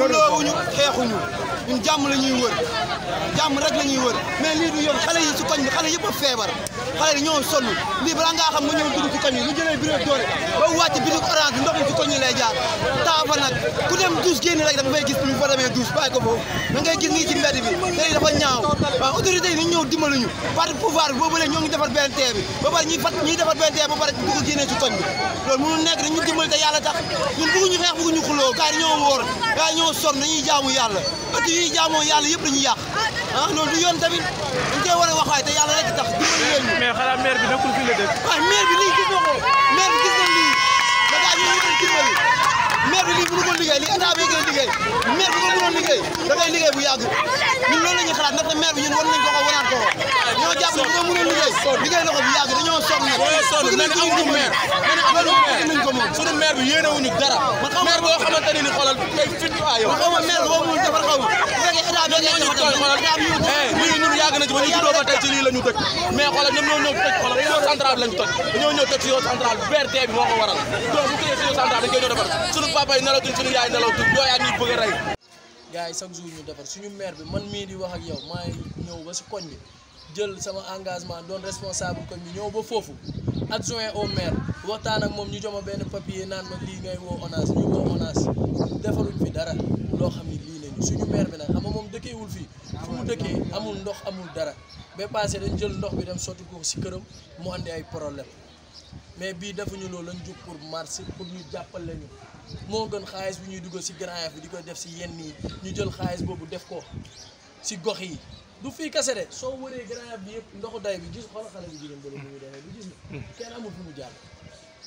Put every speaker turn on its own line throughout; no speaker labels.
xuloowuñu xeexuñu ñun jàmm la ñuy wër jàmm rek la ñuy wër mais lii xale yi si koñ xale yëpp a feebar xale yi ñoo sonn lii balaa ngaa xam nga ñëw dugg ci koñ bi lu jëlee ba wàcc bi dug orange ndox mi ci koñ yi lay jaar taafa nag ku dem douche génn rek da nga fay gis ñu fa demee douche bàyyi ko gis nii ci mbedd dafa ñaaw waaw autorité yi nañu ñëw dimbali ñu parti pouvoir bi boobu léegi ñoo ngi defar ba pare ñuy fat ñuy defar BRT ba pare dugg génnee ci koñ bi loolu mënul nekk dañu dimbali te yàlla tax ñun bëgguñu ëtt yi jaamoo yàlla yëpp dañuy yàq ah loolu du yoon tamit dañ koy war a wax waaye te yàlla rek tax
dimbali leen ñu mais xanaa maire bi nekkul fi la dëkk
waaye maire bi lii gis nga ko maire bi gis nañ lii da ngaa ñu yëpp dimbali maire bi lii mënu ko liggéey lii état bi koy liggéey maire bi ko mënoon liggéey da ngay liggéey bu yàgg ñun loolu la ñuy xalaat ndaxte maire bi ñun war nañ ko ko wanaat ko ko ñoo jàpp ne ko mënoon liggéey liggéey na ko bu yàgg dañoo sonn nag mel ni amuñu maire loolu nañ ko moom suñu maire bi yéenewuñu dara maire boo xamante ni xoolal day fit waaye lii ñun yàgg na ci ba
ñu la ñu dëkk mais xoolal ñoom ñoo ñëw ko waral donc bu créé réseau central yi nelawtuñ suñu ñu defar suñu maire bi man mii di wax ak yow maa ñëw ba si koñ bi jël sama engagement doon responsable koñ bi ñëw ba foofu adjoint au maire waxtaan ak moom ñu joma benn papier naan ma lii ngay woo ONAS ñu woo ONAS amul ndox amul dara ba passé dañ jël ndox bi dem sotti ko si këram mu andi ay problème mais bii defuñu loolu lañ jug pour marché pour ñu jàppale ñu moo gën xaalis bi ñuy duggal si Grand Yoff bi di ko def si yenn yi ñu jël xaalis boobu def ko si gox yi du fii kase de soo wëree Grand Yoff bi yëpp ndoxu day bi gis xoolal xale bi jigéen bële bu muy defee bu gis ne kenn amul fu mu jàll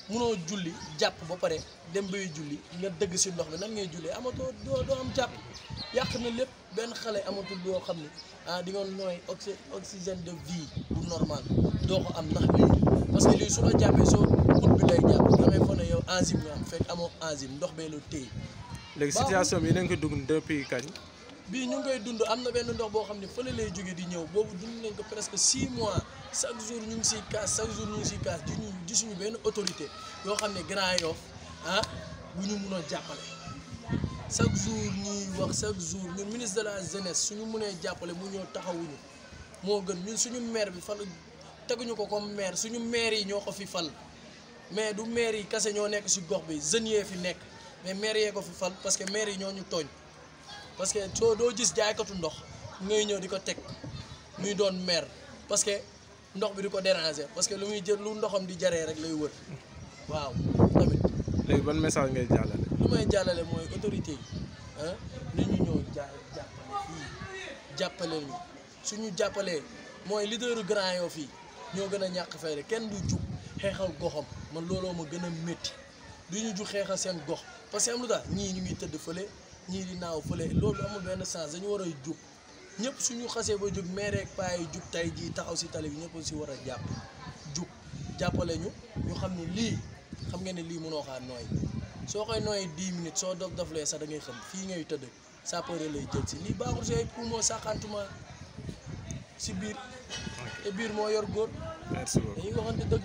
munoo julli jàpp ba pare dem bay julli nga dëgg si ndox bi nan ngay julli amatoo doo doo am jàpp yàq na lépp benn xale amatul doo xam ne ah di nga nooy oxy oxygène de vie bu normal doo ko am ndax lii parce que lii su la jàppee soo put bi lay jàpp damay yow enzyme nga am fekk amoo enzyme ndox bee la téye. léegi situation bi yéen a ko dugg depuis kañ. bii ñu ngi koy dund am na benn ndox boo xam ne fële lay jóge di ñëw boobu dund nañ presque 6 mois. chaque jour ñu ngi siy kaas chaque jour ñu ngi siy kaas di ñu benn autorité yoo xam ne Grand Yoff ah bu ñu mun a jàppale chaque jour ñuy wax chaque jour ñun ministre de la jeunesse suñu munee jàppale mu ñëw taxawuñu moo gën ñun suñu maire bi fan teguñu ko comme maire suñu maire yi ñoo ko fi fal mais du meer yi kase ñoo nekk si gox bi jeunes yee fi nekk mais maire yee ko fi fal parce que maire yi ñoo ñu tooñ parce que soo doo gis jaaykatu ndox ngay ñëw di ko teg muy doon maire ndox bi di ko déranger parce que lu muy jël lu ndoxam di jaree rek lay wër waaw tamit. léegi ban message ngay jàllale. lu may jàllale mooy autorité yi ah nit ñu ñëw jà jàppale fii suñu jàppalee mooy leaderu Grand Yoff fii ñoo gën a ñàkk fay rek kenn du jug xeexal goxam man looloo ma gën a métti du ñu jug xeexal seen gox parce que am lu tax ñii ñu ngi tëdd fële ñii di naaw fële loolu amul benn sens dañu war a jug. ñëpp suñu xasee ba jug maire ak paa yi jug tey jii taxaw si tali bi ñëpp si war a jàpp jug jàppale ñu ñu xam ne lii xam nga ne lii mënoo xaa nooy soo koy nooyee 10 minutes soo dof doflee sax da ngay xam fii ngay tëdd sapeur lay jël si lii baaxul si ay poumon saxantuma si biir te biir moo yor góor dañuy waxante dëgg